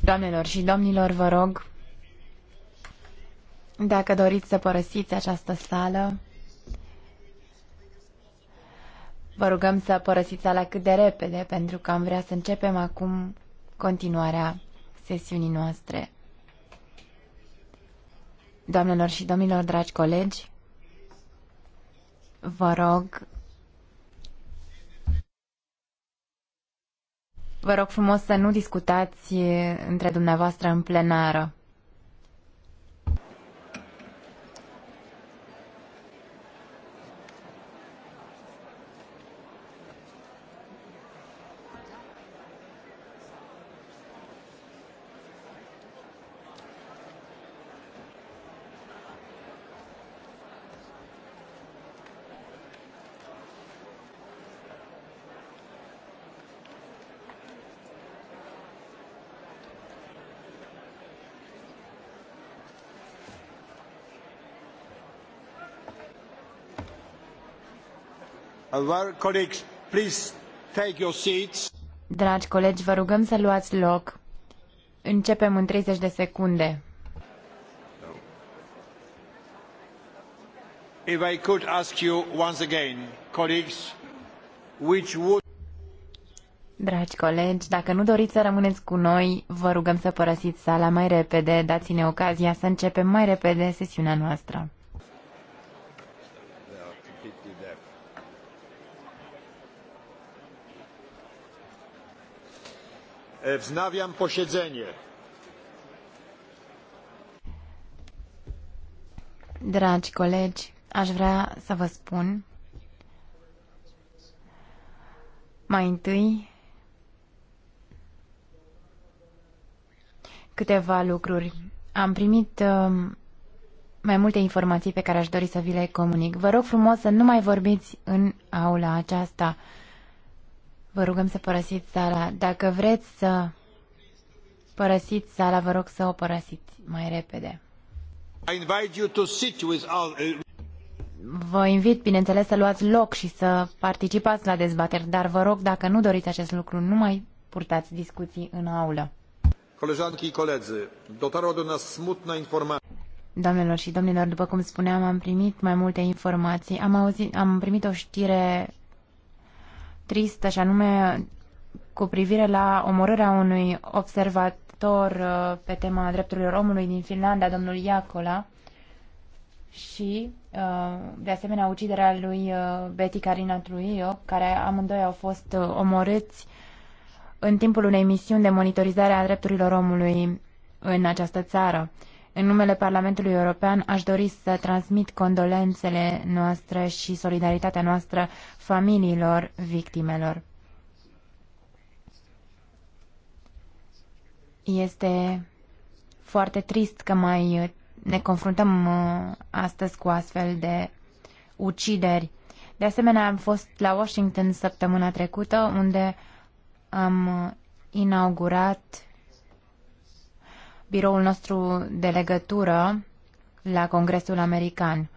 Doamnelor și domnilor, vă rog, dacă doriți să părăsiți această sală, vă rugăm să părăsiți sala cât de repede, pentru că am vrea să începem acum continuarea sesiunii noastre. Doamnelor și domnilor, dragi colegi, vă rog Vă rog frumos să nu discutați între dumneavoastră în plenară. Dragi colegi, vă rugăm să luați loc. Începem în 30 de secunde. If I could ask you once again, colleagues, which would... Dragi colegi, dacă nu doriți să rămâneți cu noi, vă rugăm să părăsiți sala mai repede, dați-ne ocazia să începem mai repede sesiunea noastră. Wznawiam posiedzenie. Dragi colegi, aș vrea să vă spun mai întâi câteva lucruri. Am primit um, mai multe informații pe care aș dori să vi le comunic. Vă rog frumos să nu mai vorbiți în aula aceasta. Uh, Vă rugăm să părăsiți sala. Dacă vreți să părăsiți sala, vă rog să o părăsiți mai repede. Uh, vă invit, bineînțeles, să luați loc și să participați la dezbateri, dar vă rog, dacă nu doriți acest lucru, nu mai purtați discuții în aulă. Koleżanki i koledzy, dotarła do nas smutna Doamnelor și domnilor, după cum spuneam, am primit mai multe informații. Am, auzit, am primit o știre tristă, și anume cu privire la omorârea unui observator uh, pe tema drepturilor omului din Finlanda, domnul Iacola, și, uh, de asemenea, uciderea lui uh, Betty Carina Truio, care amândoi au fost omorâți în timpul unei misiuni de monitorizare a drepturilor omului în această țară. În numele Parlamentului European aș dori să transmit condolențele noastre și solidaritatea noastră familiilor victimelor. Este foarte trist că mai ne confruntăm uh, astăzi cu astfel de ucideri. De asemenea, am fost la Washington săptămâna trecută, unde am uh, inaugurat biroul nostru de legătură la Congresul American.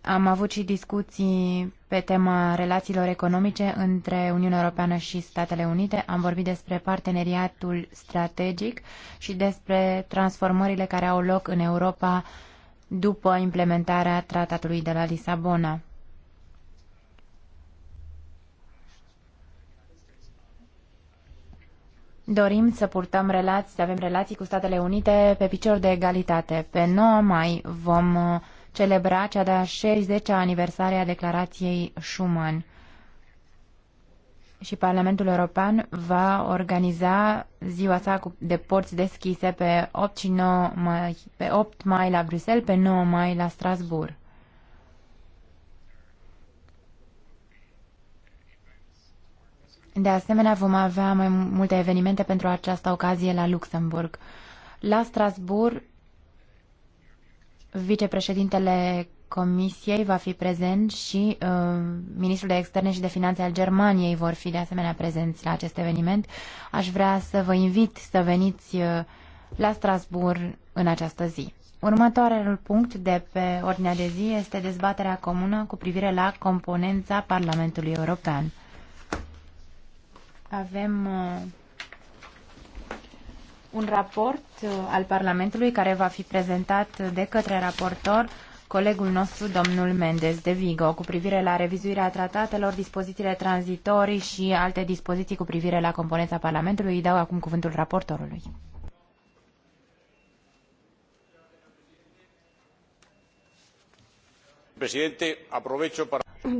Am avut și discuții pe tema relațiilor economice între Uniunea Europeană și Statele Unite. Am vorbit despre parteneriatul strategic și despre transformările care au loc în Europa după implementarea tratatului de la Lisabona. dorim să purtăm relații, să avem relații cu Statele Unite pe picior de egalitate. Pe 9 mai vom uh, celebra cea de-a 60-a aniversare a declarației Schuman. Și Parlamentul European va organiza ziua sa de porți deschise pe 8, și 9 mai, pe 8 mai la Bruxelles, pe 9 mai la Strasbourg. De asemenea, vom avea mai multe evenimente pentru această ocazie la Luxemburg. La Strasbourg, vicepreședintele Comisiei va fi prezent și uh, ministrul de externe și de finanțe al Germaniei vor fi de asemenea prezenți la acest eveniment. Aș vrea să vă invit să veniți uh, la Strasbourg în această zi. Următoarele punct de pe ordinea de zi este dezbaterea comună cu privire la componența Parlamentului European avem uh, un raport uh, al Parlamentului care va fi prezentat de către raportor colegul nostru, domnul Mendez de Vigo, cu privire la revizuirea tratatelor, dispozițiile tranzitorii și alte dispoziții cu privire la componența Parlamentului. Îi dau acum cuvântul raportorului. Președinte,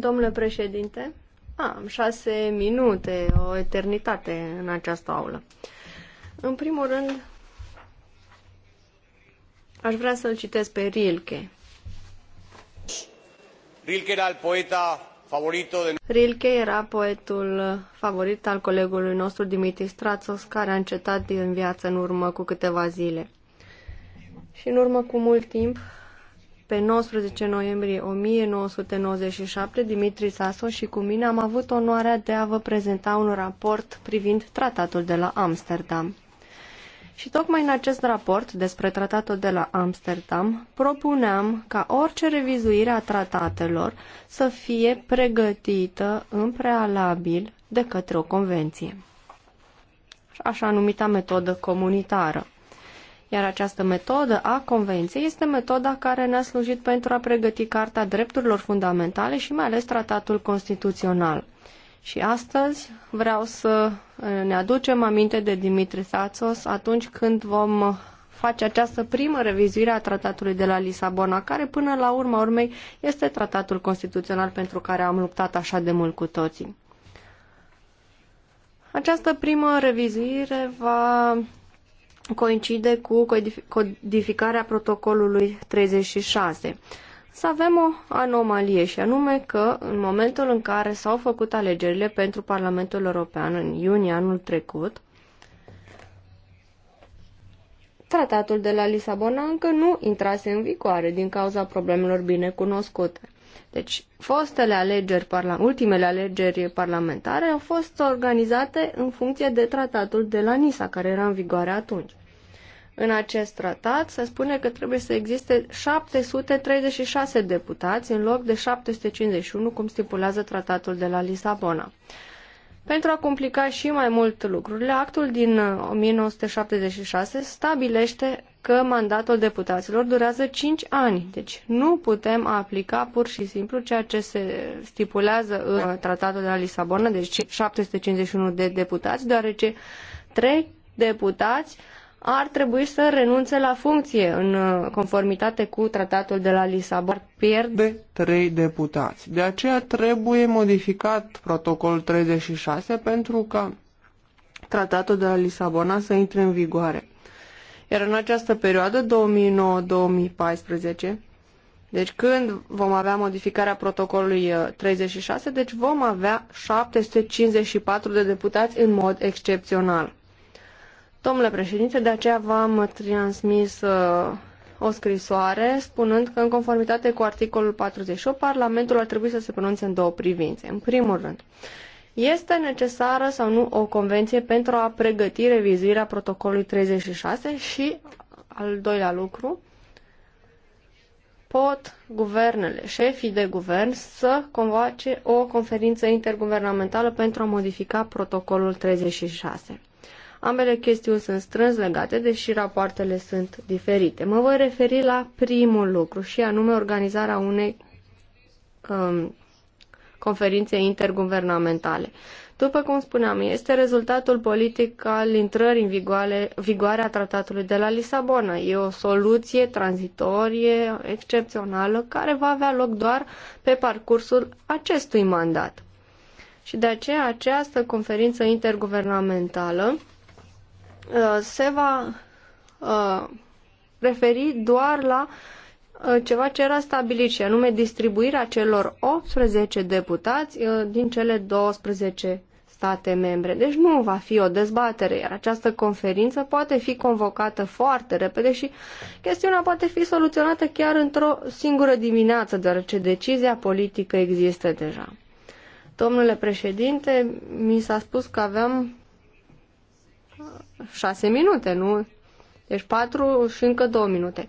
Domnule președinte, am ah, șase minute, o eternitate în această aulă. În primul rând, aș vrea să-l citesc pe Rilke. Rilke era poeta favorito de... Rilke era poetul favorit al colegului nostru Dimitri Stratos, care a încetat din viață în urmă cu câteva zile. Și în urmă cu mult timp, pe 19 noiembrie 1997, Dimitri Saso și cu mine am avut onoarea de a vă prezenta un raport privind tratatul de la Amsterdam. Și tocmai în acest raport despre tratatul de la Amsterdam propuneam ca orice revizuire a tratatelor să fie pregătită în prealabil de către o convenție, așa numita metodă comunitară. Iar această metodă a Convenției este metoda care ne-a slujit pentru a pregăti Carta Drepturilor Fundamentale și mai ales Tratatul Constituțional. Și astăzi vreau să eh, ne aducem aminte de Dimitri Tsațos atunci când vom face această primă revizuire a tratatului de la Lisabona, care până la urma urmei este tratatul constituțional pentru care am luptat așa de mult cu toții. Această primă revizuire va coincide cu codificarea protocolului 36. Să avem o anomalie și anume că în momentul în care s-au făcut alegerile pentru Parlamentul European în iunie anul trecut, tratatul de la Lisabona încă nu intrase în vigoare din cauza problemelor binecunoscute. Deci, fostele alegeri, ultimele alegeri parlamentare au fost organizate în funcție de tratatul de la Nisa, care era în vigoare atunci. În acest tratat se spune că trebuie să existe 736 deputați în loc de 751, cum stipulează tratatul de la Lisabona. Pentru a complica și mai mult lucrurile, actul din 1976 uh, stabilește că mandatul deputaților durează 5 ani, deci nu putem aplica pur și simplu ceea ce se stipulează în uh, tratatul de la Lisabona, deci 751 de deputați, deoarece 3 deputați uh, ar trebui să renunțe la funcție în uh, conformitate cu tratatul de la Lisabona. Pierde trei deputați. De aceea trebuie modificat protocolul 36 pentru ca tratatul de la Lisabona să intre în vigoare. Iar în această perioadă, 2009-2014, deci când vom avea modificarea protocolului 36, uh, deci vom avea 754 de deputați în mod excepțional. Domnule președinte, de aceea v-am transmis uh, o scrisoare spunând că, în conformitate cu articolul 48, Parlamentul ar trebui să se pronunțe în două privințe. În primul rând, este necesară sau nu o convenție pentru a pregăti revizuirea protocolului 36 și, al doilea lucru, pot guvernele, șefii de guvern, să convoace o conferință interguvernamentală pentru a modifica protocolul 36. Ambele chestiuni sunt strâns legate, deși rapoartele sunt diferite. Mă voi referi la primul lucru și anume organizarea unei um, conferințe interguvernamentale. După cum spuneam, este rezultatul politic al intrării în vigoare, vigoare a tratatului de la Lisabona. E o soluție tranzitorie, excepțională, care va avea loc doar pe parcursul acestui mandat. Și de aceea această conferință interguvernamentală Uh, se va uh, referi doar la uh, ceva ce era stabilit și anume distribuirea celor 18 deputați din cele 12 state membre. Deci nu va fi o dezbatere, iar această conferință poate fi convocată foarte repede și chestiunea poate fi soluționată chiar într-o singură dimineață, deoarece decizia politică există deja. Domnule președinte, mi s-a spus că aveam șase minute, nu? Deci patru și încă două minute.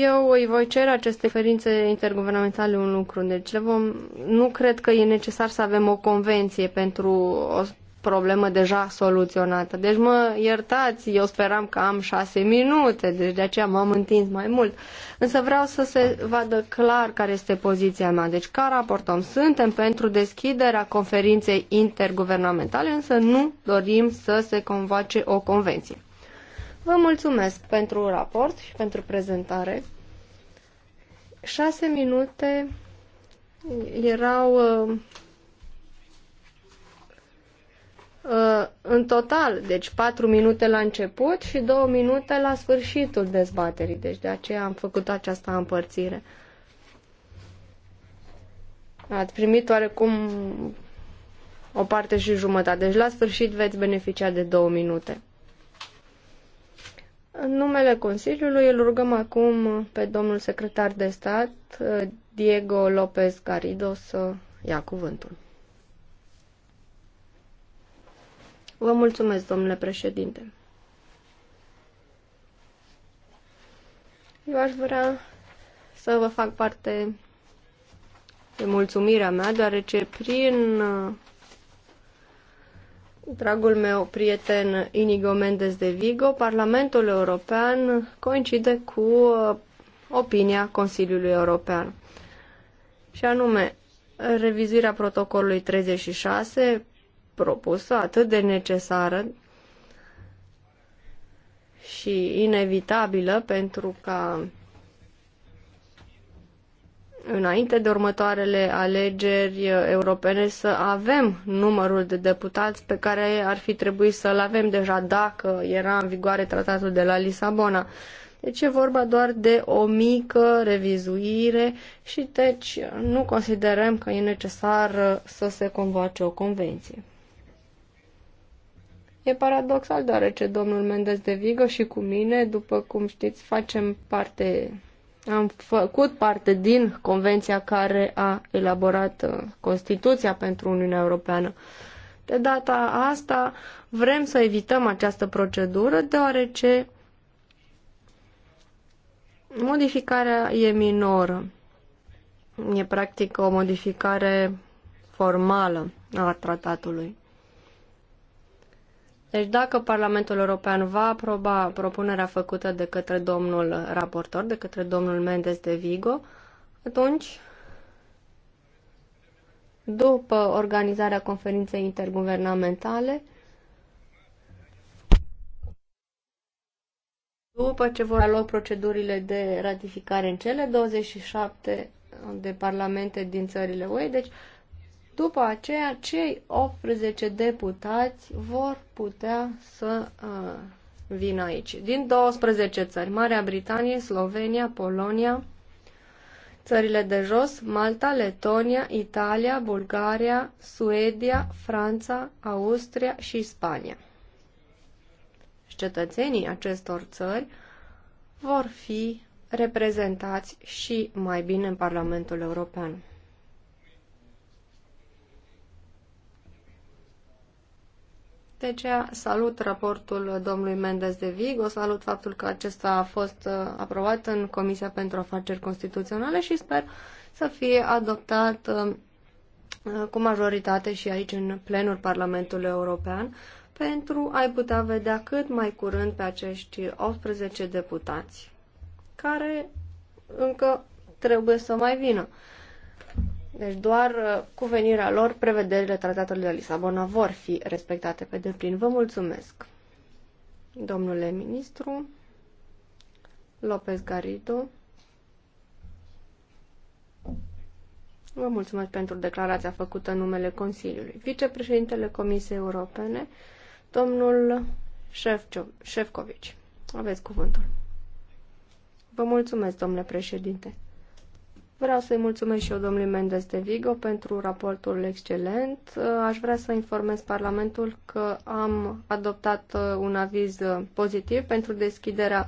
Eu îi voi cere aceste conferințe interguvernamentale un lucru, deci le vom, nu cred că e necesar să avem o convenție pentru o problemă deja soluționată. Deci mă iertați, eu speram că am șase minute, deci de aceea m-am întins mai mult. Însă vreau să se vadă clar care este poziția mea. Deci ca raportăm, suntem pentru deschiderea conferinței interguvernamentale, însă nu dorim să se convoace o convenție. Vă mulțumesc pentru raport și pentru prezentare. Șase minute erau uh, Uh, în total, deci 4 minute la început și 2 minute la sfârșitul dezbaterii. Deci de aceea am făcut această împărțire. Ați primit oarecum o parte și jumătate. Deci la sfârșit veți beneficia de 2 minute. În numele Consiliului îl rugăm acum pe domnul secretar de stat uh, Diego López Garrido să ia cuvântul. Vă mulțumesc, domnule președinte. Eu aș vrea să vă fac parte de mulțumirea mea, deoarece prin uh, dragul meu prieten Inigo Mendes de Vigo, Parlamentul European coincide cu uh, opinia Consiliului European. Și anume, revizuirea protocolului 36 propusă, atât de necesară și inevitabilă pentru ca înainte de următoarele alegeri europene să avem numărul de deputați pe care ar fi trebuit să-l avem deja dacă era în vigoare tratatul de la Lisabona. Deci e vorba doar de o mică revizuire și deci nu considerăm că e necesar să se convoace o convenție. E paradoxal, deoarece domnul Mendes de Vigo și cu mine, după cum știți, facem parte, am făcut parte din convenția care a elaborat uh, Constituția pentru Uniunea Europeană. De data asta vrem să evităm această procedură, deoarece modificarea e minoră. E practic o modificare formală a tratatului. Deci dacă Parlamentul European va aproba propunerea făcută de către domnul raportor, de către domnul Mendes de Vigo, atunci, după organizarea conferinței interguvernamentale, după ce vor aloc procedurile de ratificare în cele 27 de parlamente din țările UE, deci după aceea, cei 18 deputați vor putea să uh, vină aici. Din 12 țări, Marea Britanie, Slovenia, Polonia, țările de jos, Malta, Letonia, Italia, Bulgaria, Suedia, Franța, Austria și Spania. Și deci, cetățenii acestor țări vor fi reprezentați și mai bine în Parlamentul European. De aceea salut raportul domnului Mendes de Vigo, salut faptul că acesta a fost uh, aprobat în Comisia pentru Afaceri Constituționale și sper să fie adoptat uh, uh, cu majoritate și aici în plenul Parlamentului European pentru a-i putea vedea cât mai curând pe acești 18 deputați care încă trebuie să mai vină. Deci doar uh, cu venirea lor, prevederile tratatului de Lisabona vor fi respectate pe deplin. Vă mulțumesc, domnule ministru López Garrido. Vă mulțumesc pentru declarația făcută în numele Consiliului. Vicepreședintele Comisiei Europene, domnul Șefcovici. Aveți cuvântul. Vă mulțumesc, domnule președinte. Vreau să-i mulțumesc și eu domnului Mendes de Vigo pentru raportul excelent. Uh, aș vrea să informez Parlamentul că am adoptat uh, un aviz uh, pozitiv pentru deschiderea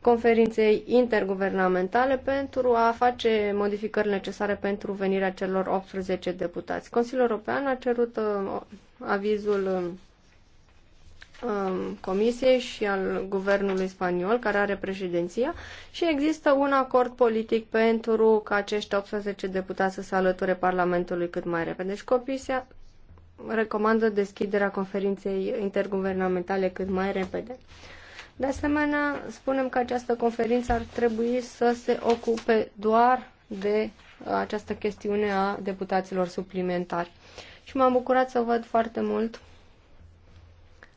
conferinței interguvernamentale pentru a face modificări necesare pentru venirea celor 18 deputați. Consiliul European a cerut avizul Um, comisiei și al guvernului spaniol care are președinția și există un acord politic pentru ca acești 18 deputați să se alăture Parlamentului cât mai repede. Și deci Comisia recomandă deschiderea conferinței interguvernamentale cât mai repede. De asemenea, spunem că această conferință ar trebui să se ocupe doar de această chestiune a deputaților suplimentari. Și m-am bucurat să văd foarte mult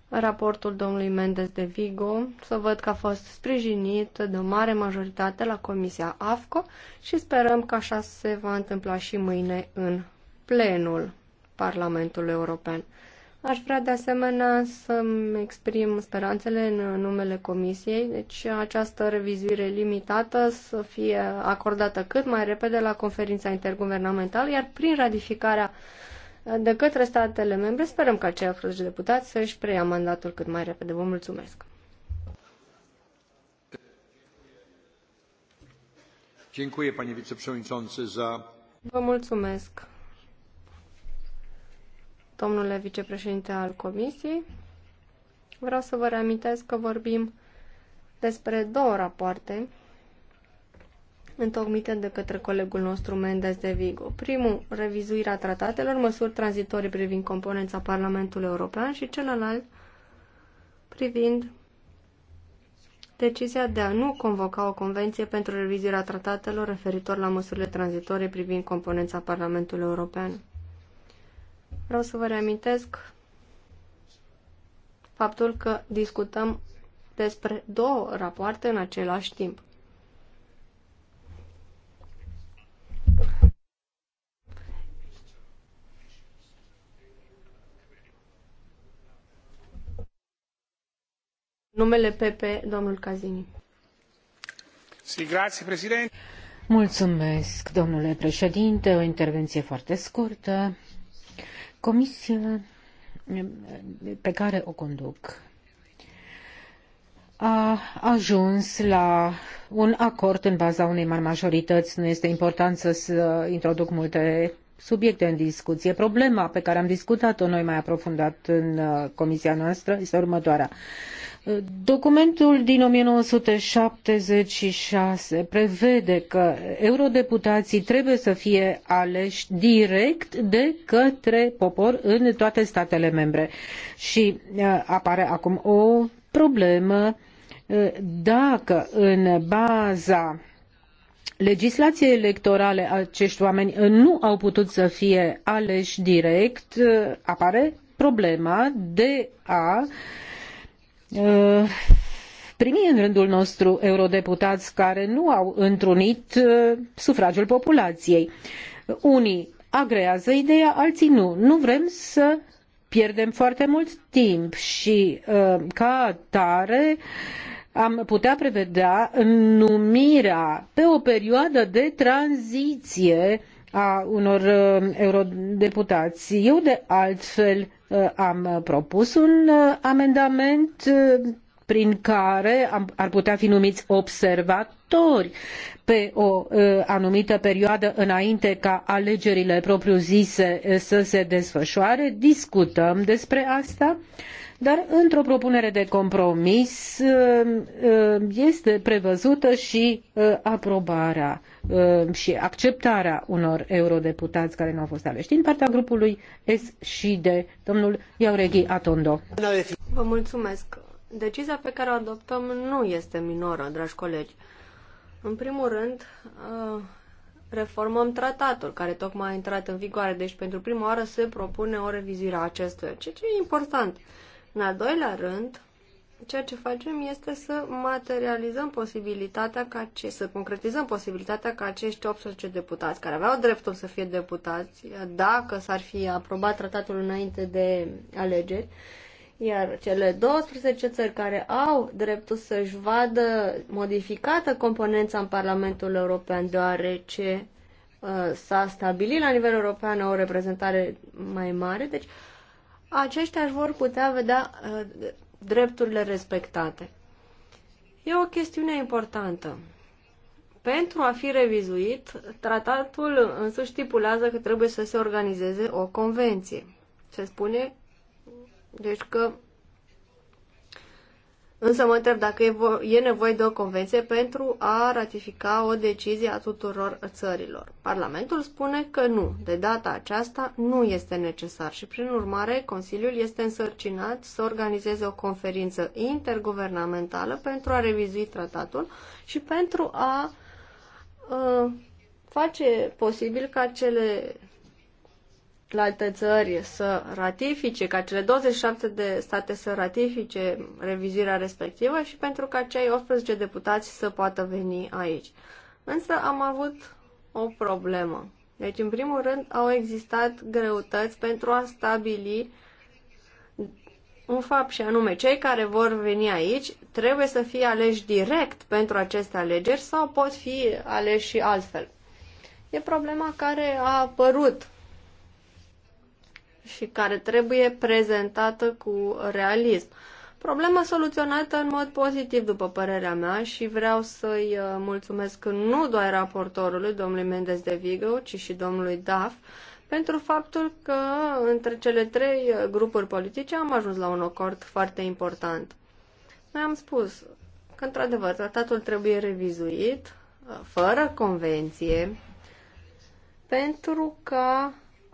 raportul domnului Mendes de Vigo, să văd că a fost sprijinit de o mare majoritate la Comisia AFCO și sperăm că așa se va întâmpla și mâine în plenul Parlamentului European. Aș vrea de asemenea să-mi exprim speranțele în numele Comisiei, deci această revizuire limitată să fie acordată cât mai repede la conferința interguvernamentală, iar prin ratificarea uh, de către statele membre. Sperăm ca cei 18 deputați să-și preia mandatul cât mai repede. Vă mulțumesc! Dziękuję, panie wiceprzewodniczący, za... Vă mulțumesc, domnule vicepreședinte al Comisiei. Vreau să vă reamintesc că vorbim despre două rapoarte întocmite de către colegul nostru Mendes de Vigo. Primul, revizuirea tratatelor, măsuri tranzitorii privind componența Parlamentului European și celălalt privind decizia de a nu convoca o convenție pentru revizuirea tratatelor referitor la măsurile tranzitorii privind componența Parlamentului European. Vreau să vă reamintesc faptul că discutăm despre două rapoarte în același timp. Numele PP, domnul Cazini. Si, Mulțumesc, domnule președinte. O intervenție foarte scurtă. Comisia pe care o conduc a ajuns la un acord în baza unei mari majorități. Nu este important să introduc multe subiecte în discuție. Problema pe care am discutat-o noi mai aprofundat în uh, comisia noastră este următoarea. Documentul din 1976 prevede că eurodeputații trebuie să fie aleși direct de către popor în toate statele membre. Și uh, apare acum o problemă uh, dacă în baza legislației electorale aceti oameni nu au putut să fie alei direct, uh, apare problema de a uh, primi în rândul nostru eurodeputați care nu au întrunit uh, sufragiul populației. Unii agrează ideea, alții nu. Nu vrem să pierdem foarte mult timp și ca atare am putea prevedea numirea pe o perioadă de tranziție a unor uh, eurodeputați. Eu de altfel uh, am propus un uh, amendament prin care am, ar putea fi numiți observatori actori pe o ă, anumită perioadă înainte ca alegerile propriu-zise ă, să se desfășoare. Discutăm despre asta dar într-o propunere de compromis ă, este prevăzută și aprobarea și acceptarea unor eurodeputați care nu au fost aleși din partea grupului S și de domnul Iaureghi Atondo. Vă mulțumesc. Decizia pe care o adoptăm nu este minoră, dragi colegi. În primul rând, uh, reformăm tratatul care tocmai a intrat în vigoare, deci pentru prima oară se propune o revizire a acestuia, ceea ce e important. În al doilea rând, ceea ce facem este să materializăm posibilitatea ca ce, să concretizăm posibilitatea ca acești 18 deputați care aveau dreptul să fie deputați dacă s-ar fi aprobat tratatul înainte de alegeri, iar cele 12 țări care au dreptul să-și vadă modificată componența în Parlamentul European, deoarece uh, s-a stabilit la nivel european o reprezentare mai mare, deci aceștia își vor putea vedea uh, drepturile respectate. E o chestiune importantă. Pentru a fi revizuit, tratatul însuși stipulează că trebuie să se organizeze o convenție. Se spune deci că... Însă mă întreb dacă e, e nevoie de o convenție pentru a ratifica o decizie a tuturor țărilor. Parlamentul spune că nu. De data aceasta nu este necesar și, prin urmare, Consiliul este însărcinat să organizeze o conferință interguvernamentală pentru a revizui tratatul și pentru a uh, face posibil ca cele la alte țări să ratifice, ca cele 27 de state să ratifice revizuirea respectivă și pentru ca cei 18 deputați să poată veni aici. Însă am avut o problemă. Deci, în primul rând, au existat greutăți pentru a stabili un fapt și anume, cei care vor veni aici trebuie să fie aleși direct pentru aceste alegeri sau pot fi aleși și altfel. E problema care a apărut și care trebuie prezentată cu realism. Problema soluționată în mod pozitiv, după părerea mea, și vreau să-i uh, mulțumesc nu doar raportorului, domnului Mendes de Vigo, ci și domnului Daf, pentru faptul că între cele trei uh, grupuri politice am ajuns la un acord foarte important. Noi am spus că, într-adevăr, tratatul trebuie revizuit, uh, fără convenție, pentru că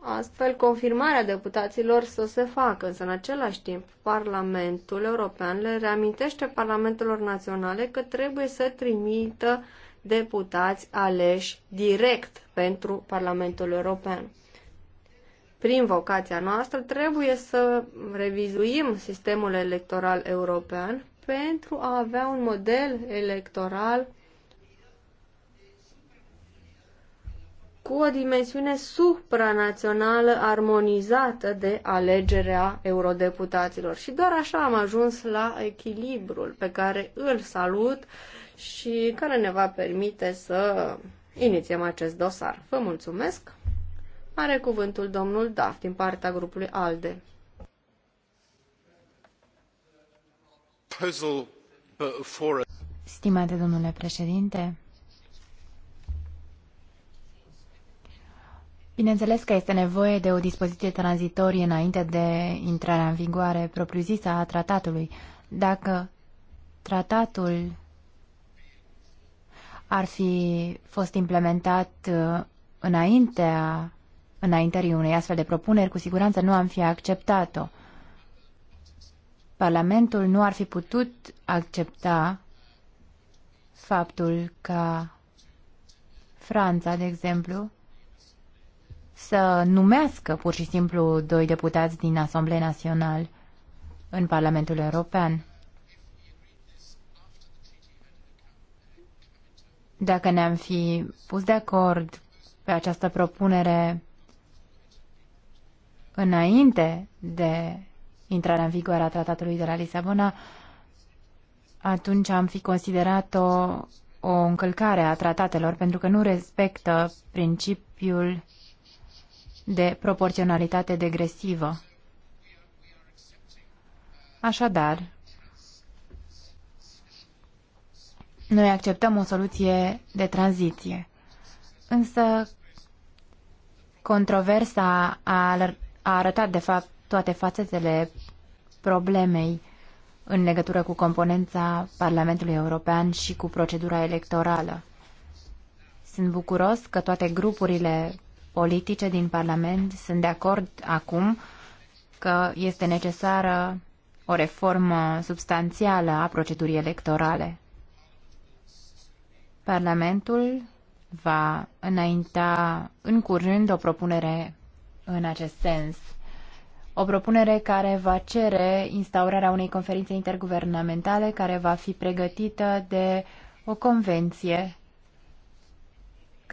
Astfel, confirmarea deputaților să se facă, însă în același timp Parlamentul European le reamintește Parlamentelor Naționale că trebuie să trimită deputați aleși direct pentru Parlamentul European. Prin vocația noastră trebuie să revizuim sistemul electoral european pentru a avea un model electoral cu o dimensiune supranațională armonizată de alegerea eurodeputaților. Și doar așa am ajuns la echilibrul pe care îl salut și care ne va permite să inițiem acest dosar. Vă mulțumesc! Are cuvântul domnul Daf din partea grupului ALDE. Stimate domnule președinte, Bineînțeles că este nevoie de o dispoziție tranzitorie înainte de intrarea în vigoare propriu-zisă a tratatului. Dacă tratatul ar fi fost implementat uh, înaintea înaintării unei astfel de propuneri, cu siguranță nu am fi acceptat-o. Parlamentul nu ar fi putut accepta faptul că Franța, de exemplu, să numească pur și simplu doi deputați din Asamblea Națională în Parlamentul European. Dacă ne-am fi pus de acord pe această propunere înainte de intrarea în vigoare a tratatului de la Lisabona, atunci am fi considerat-o o încălcare a tratatelor pentru că nu respectă principiul de proporționalitate degresivă. Așadar, noi acceptăm o soluție de tranziție. Însă, controversa a arătat, de fapt, toate fațetele problemei în legătură cu componența Parlamentului European și cu procedura electorală. Sunt bucuros că toate grupurile politice din Parlament sunt de acord acum că este necesară o reformă substanțială a procedurii electorale. Parlamentul va înainta în curând o propunere în acest sens. O propunere care va cere instaurarea unei conferințe interguvernamentale care va fi pregătită de o convenție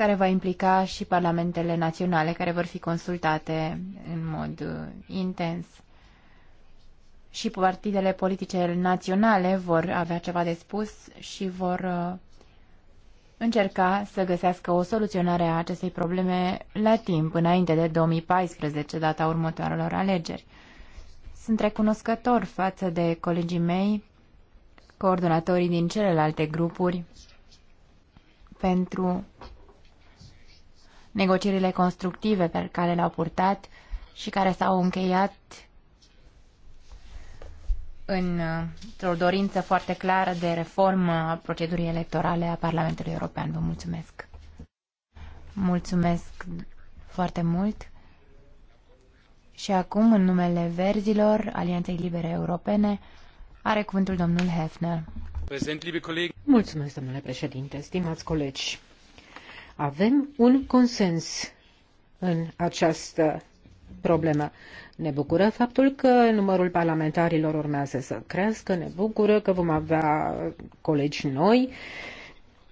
care va implica și parlamentele naționale care vor fi consultate în mod uh, intens. Și partidele politice naționale vor avea ceva de spus și vor uh, încerca să găsească o soluționare a acestei probleme la timp, înainte de 2014, data următoarelor alegeri. Sunt recunoscător față de colegii mei, coordonatorii din celelalte grupuri, pentru negocierile constructive pe care le-au purtat și care s-au încheiat într-o dorință foarte clară de reformă a procedurii electorale a Parlamentului European. Vă mulțumesc! Mulțumesc foarte mult! Și acum, în numele verzilor, Alianței Libere Europene, are cuvântul domnul Hefner. Mulțumesc, domnule președinte, stimați colegi. Avem un consens în această problemă. Ne bucură faptul că numărul parlamentarilor urmează să crească, ne bucură că vom avea colegi noi,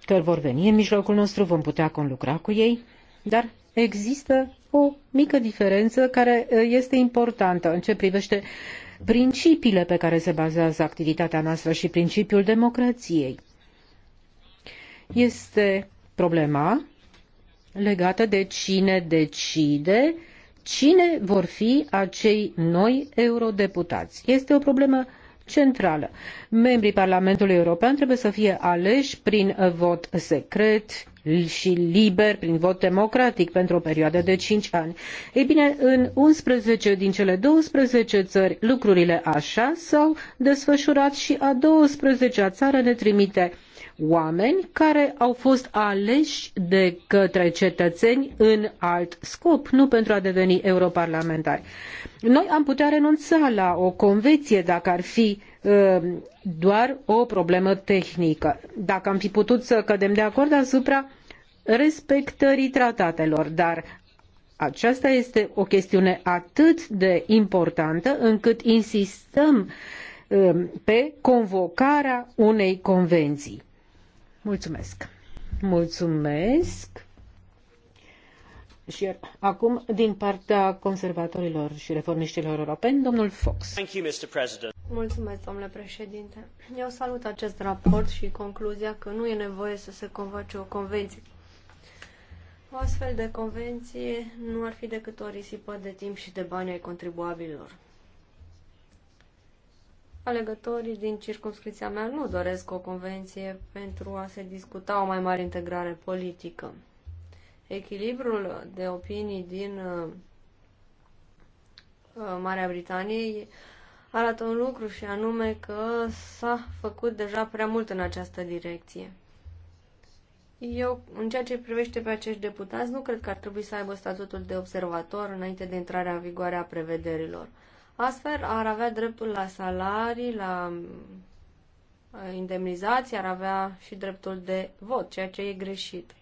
că vor veni în mijlocul nostru, vom putea conlucra cu ei, dar există o mică diferență care uh, este importantă în ce privește principiile pe care se bazează activitatea noastră și principiul democrației. Este problema legată de cine decide cine vor fi acei noi eurodeputați. Este o problemă centrală. Membrii Parlamentului European trebuie să fie aleși prin vot secret și liber, prin vot democratic, pentru o perioadă de cinci ani. Ei bine, în 11 din cele 12 țări lucrurile așa s-au desfășurat și a 12-a țară ne trimite oameni care au fost aleși de către cetățeni în alt scop, nu pentru a deveni europarlamentari. Noi am putea renunța la o convenție dacă ar fi uh, doar o problemă tehnică. Dacă am fi putut să cădem de acord asupra respectării tratatelor, dar aceasta este o chestiune atât de importantă încât insistăm uh, pe convocarea unei convenții. Mulțumesc! Mulțumesc! Și acum, din partea conservatorilor și reformiștilor europeni, domnul Fox. Mulțumesc, domnule președinte. Eu salut acest raport și concluzia că nu e nevoie să se convoace o convenție. O astfel de convenție nu ar fi decât o risipă de timp și de bani ai contribuabililor alegătorii din circunscripția mea nu doresc o convenție pentru a se discuta o mai mare integrare politică. Echilibrul de opinii din uh, uh, Marea Britanie arată un lucru și anume că s-a făcut deja prea mult în această direcție. Eu, în ceea ce privește pe acești deputați, nu cred că ar trebui să aibă statutul de observator înainte de intrarea în vigoare a prevederilor. Astfel ar avea dreptul la salarii, la uh, indemnizații, ar avea și dreptul de vot, ceea ce e greșit.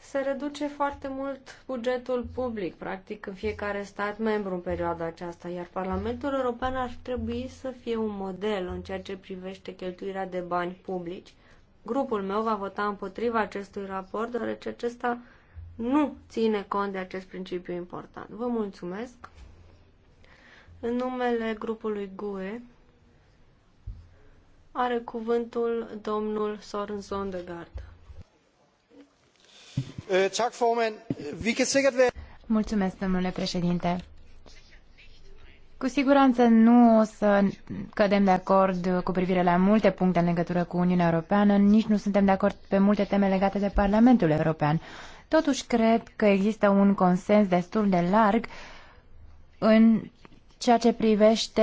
Se reduce foarte mult bugetul public, practic, în fiecare stat membru în perioada aceasta, iar Parlamentul European ar trebui să fie un model în ceea ce privește cheltuirea de bani publici. Grupul meu va vota împotriva acestui raport, deoarece acesta nu ține cont de acest principiu important. Vă mulțumesc! În numele grupului GUE are cuvântul domnul Soren Zondegard. Øh, mulțumesc, domnule președinte. Cu siguranță nu o să cădem de acord cu privire la multe puncte în legătură cu Uniunea Europeană, nici nu suntem de acord pe multe teme legate de Parlamentul European. Totuși, cred că există un consens destul de larg în ceea ce privește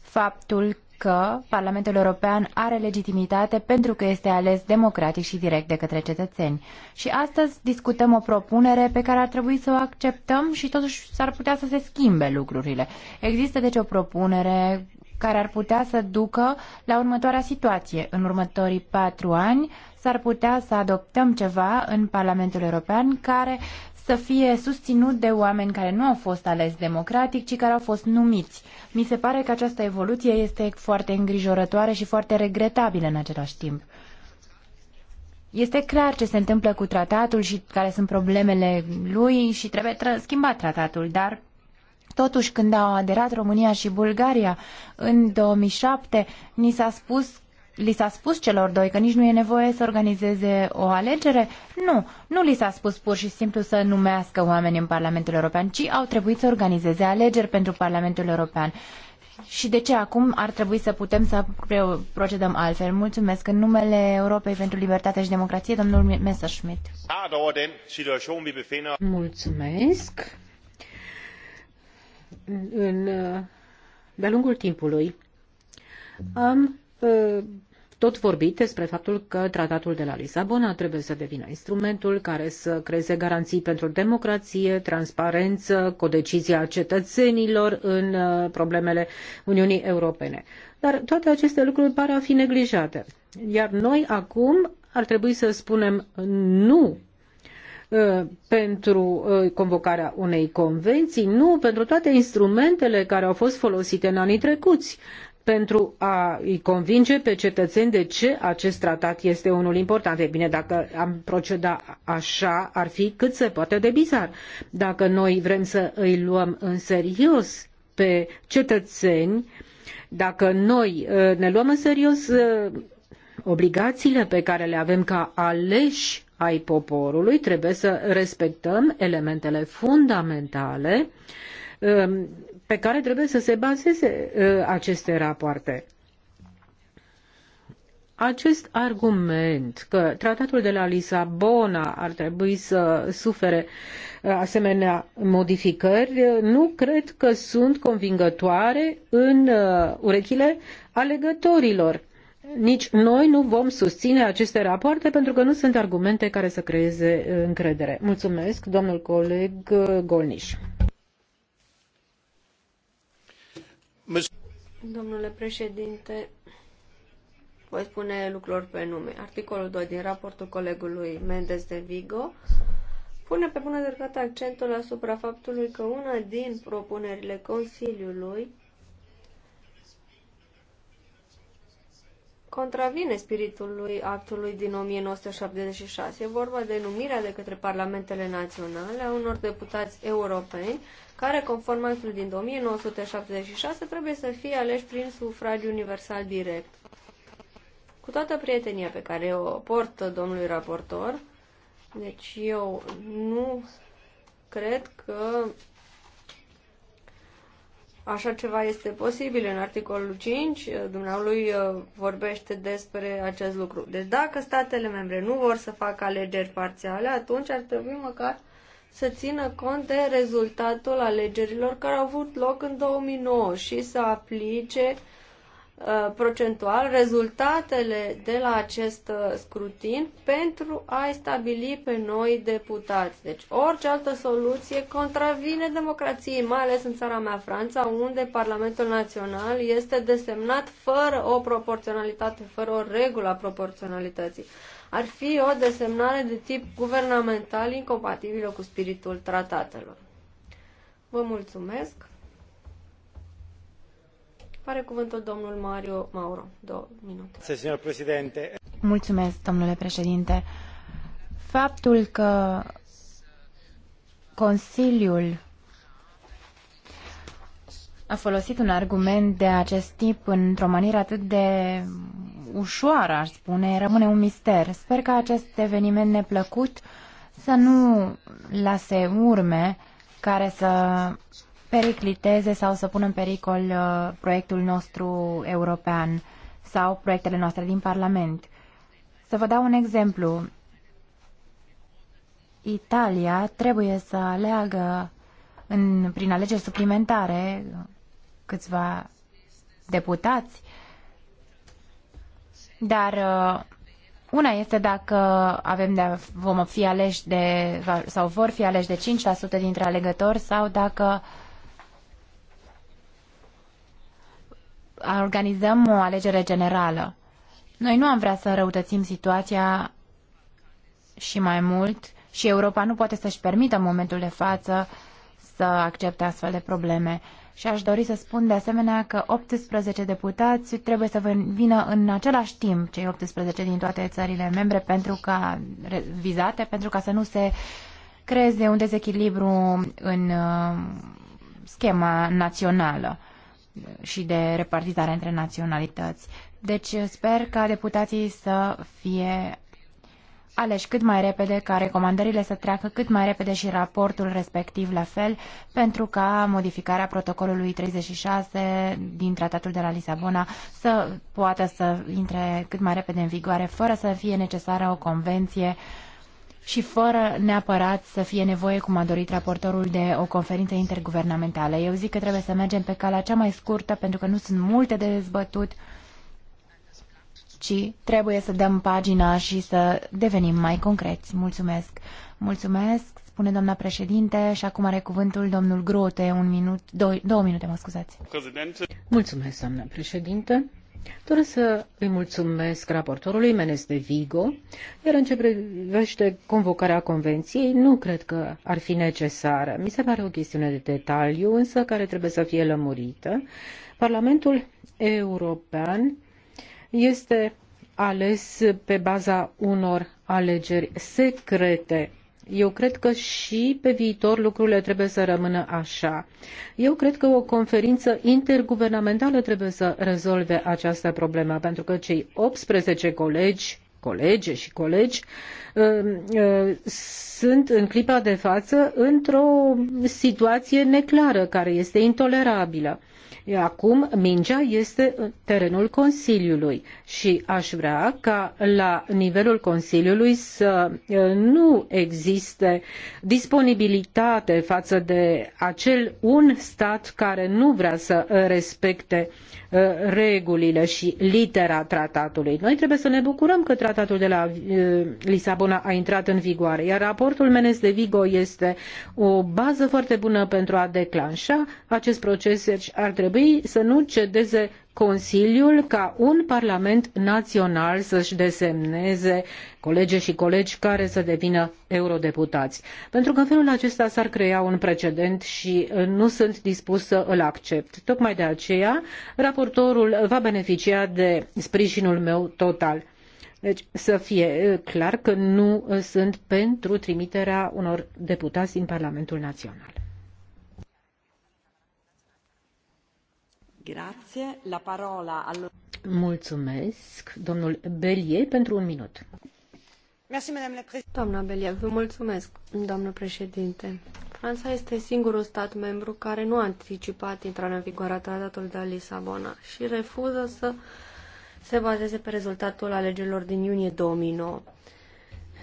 faptul că Parlamentul European are legitimitate pentru că este ales democratic și direct de către cetățeni. Și astăzi discutăm o propunere pe care ar trebui să o acceptăm și totuși s-ar putea să se schimbe lucrurile. Există deci o propunere care ar putea să ducă la următoarea situație. În următorii patru ani, s-ar putea să adoptăm ceva în Parlamentul European care să fie susținut de oameni care nu au fost aleși democratic, ci care au fost numiți. Mi se pare că această evoluție este foarte îngrijorătoare și foarte regretabilă în același timp. Este clar ce se întâmplă cu tratatul și care sunt problemele lui și trebuie tra- schimbat tratatul, dar Totuși, când au aderat România și Bulgaria în 2007, ni s-a spus li s-a spus celor doi că nici nu e nevoie să organizeze o alegere? Nu, nu li s-a spus pur și simplu să numească oameni în Parlamentul European, ci au trebuit să organizeze alegeri pentru Parlamentul European. Și de ce acum ar trebui să putem să procedăm altfel? Mulțumesc. În numele Europei pentru Libertate și Democrație, domnul Messerschmidt. Mulțumesc. În, de-a lungul timpului am Uh, tot vorbit despre faptul că tratatul de la Lisabona trebuie să devină instrumentul care să creeze garanții pentru democrație, transparență, codecizia cetățenilor în uh, problemele Uniunii Europene. Dar toate aceste lucruri par a fi neglijate. Iar noi acum ar trebui să spunem nu uh, pentru convocarea unei convenții, nu pentru toate instrumentele care au fost folosite în anii trecuți pentru a i convinge pe cetățeni de ce acest tratat este unul important. E bine, dacă am proceda așa, ar fi cât se poate de bizar. Dacă noi vrem să îi luăm în serios pe cetățeni, dacă noi uh, ne luăm în serios uh, obligațiile pe care le avem ca aleși ai poporului, trebuie să respectăm elementele fundamentale um, pe care trebuie să se bazeze uh, aceste rapoarte. Acest argument că tratatul de la Lisabona ar trebui să sufere uh, asemenea modificări uh, nu cred că sunt convingătoare în urechile alegătorilor. Nici noi nu vom susține aceste rapoarte pentru că nu sunt argumente care să creeze încredere. Mulțumesc, domnul coleg Golniș. Domnule președinte, voi spune lucrurilor pe nume. Articolul 2 din raportul colegului Mendes de Vigo pune pe bună dreptate accentul asupra faptului că una din propunerile Consiliului contravine spiritului actului din 1976. E vorba de numirea de către parlamentele naționale a unor deputați europeni care, conform actului din 1976, trebuie să fie aleși prin sufragiu universal direct. Cu toată prietenia pe care o port domnului raportor, deci eu nu cred că Așa ceva este posibil. În articolul 5, dumnealui uh, vorbește despre acest lucru. Deci dacă statele membre nu vor să facă alegeri parțiale, atunci ar trebui măcar să țină cont de rezultatul alegerilor care au avut loc în 2009 și să aplice uh, procentual rezultatele de la acest uh, scrutin pentru a-i stabili pe noi deputați. Deci orice altă soluție contravine democrației, mai ales în țara mea, Franța, unde Parlamentul Național este desemnat fără o proporționalitate, fără o regulă a proporționalității ar fi o desemnare de tip guvernamental incompatibilă cu spiritul tratatelor. Vă mulțumesc. Pare cuvântul domnul Mario Mauro. Două minute. Mulțumesc, domnule președinte. Faptul că Consiliul a folosit un argument de acest tip într-o manieră atât de ușoară, aș spune, rămâne un mister. Sper că acest eveniment neplăcut să nu lase urme care să pericliteze sau să pună în pericol uh, proiectul nostru european sau proiectele noastre din Parlament. Să vă dau un exemplu. Italia trebuie să aleagă în, prin alegeri suplimentare câțiva deputați, dar uh, una este dacă avem de, vom fi aleși de, sau vor fi aleși de 5% dintre alegători sau dacă organizăm o alegere generală. Noi nu am vrea să răutățim situația și mai mult și Europa nu poate să-și permită în momentul de față să accepte astfel de probleme. Și aș dori să spun de asemenea că 18 deputați trebuie să vină în același timp, cei 18 din toate țările membre pentru ca, vizate, pentru ca să nu se creeze un dezechilibru în uh, schema națională și de repartizare între naționalități. Deci sper ca deputații să fie aleși cât mai repede, ca recomandările să treacă cât mai repede și raportul respectiv la fel, pentru ca modificarea protocolului 36 din Tratatul de la Lisabona să poată să intre cât mai repede în vigoare, fără să fie necesară o convenție și fără neapărat să fie nevoie, cum a dorit raportorul, de o conferință interguvernamentală. Eu zic că trebuie să mergem pe calea cea mai scurtă, pentru că nu sunt multe de dezbătut ci trebuie să dăm pagina și să devenim mai concreți. Mulțumesc! Mulțumesc, spune doamna președinte și acum are cuvântul domnul Grote, un minut, doi, două minute, mă scuzați. Președinte. Mulțumesc, doamna președinte. Doresc să îi mulțumesc raportorului Menes de Vigo, iar în ce privește convocarea convenției, nu cred că ar fi necesară. Mi se pare o chestiune de detaliu, însă care trebuie să fie lămurită. Parlamentul European este ales pe baza unor alegeri secrete. Eu cred că și pe viitor lucrurile trebuie să rămână așa. Eu cred că o conferință interguvernamentală trebuie să rezolve această problemă, pentru că cei 18 colegi colege și colegi ă, ă, sunt în clipa de față într-o situație neclară care este intolerabilă. Acum mingea este în terenul Consiliului și aș vrea ca la nivelul Consiliului să nu existe disponibilitate față de acel un stat care nu vrea să respecte regulile și litera tratatului. Noi trebuie să ne bucurăm că tratatul de la Lisabona a intrat în vigoare, iar raportul Menes de Vigo este o bază foarte bună pentru a declanșa acest proces și deci ar trebui trebui să nu cedeze Consiliul ca un Parlament național să-și desemneze colege și colegi care să devină eurodeputați. Pentru că în felul acesta s-ar crea un precedent și uh, nu sunt dispus să îl accept. Tocmai de aceea, raportorul va beneficia de sprijinul meu total. Deci să fie uh, clar că nu uh, sunt pentru trimiterea unor deputați din Parlamentul Național. Grazie. La parola allo... Mulțumesc. Domnul Belie, pentru un minut. Doamna Belie, vă mulțumesc, doamnă președinte. Franța este singurul stat membru care nu a anticipat intrarea în vigoare a tratatului de la Lisabona și refuză să se bazeze pe rezultatul alegerilor din iunie 2009.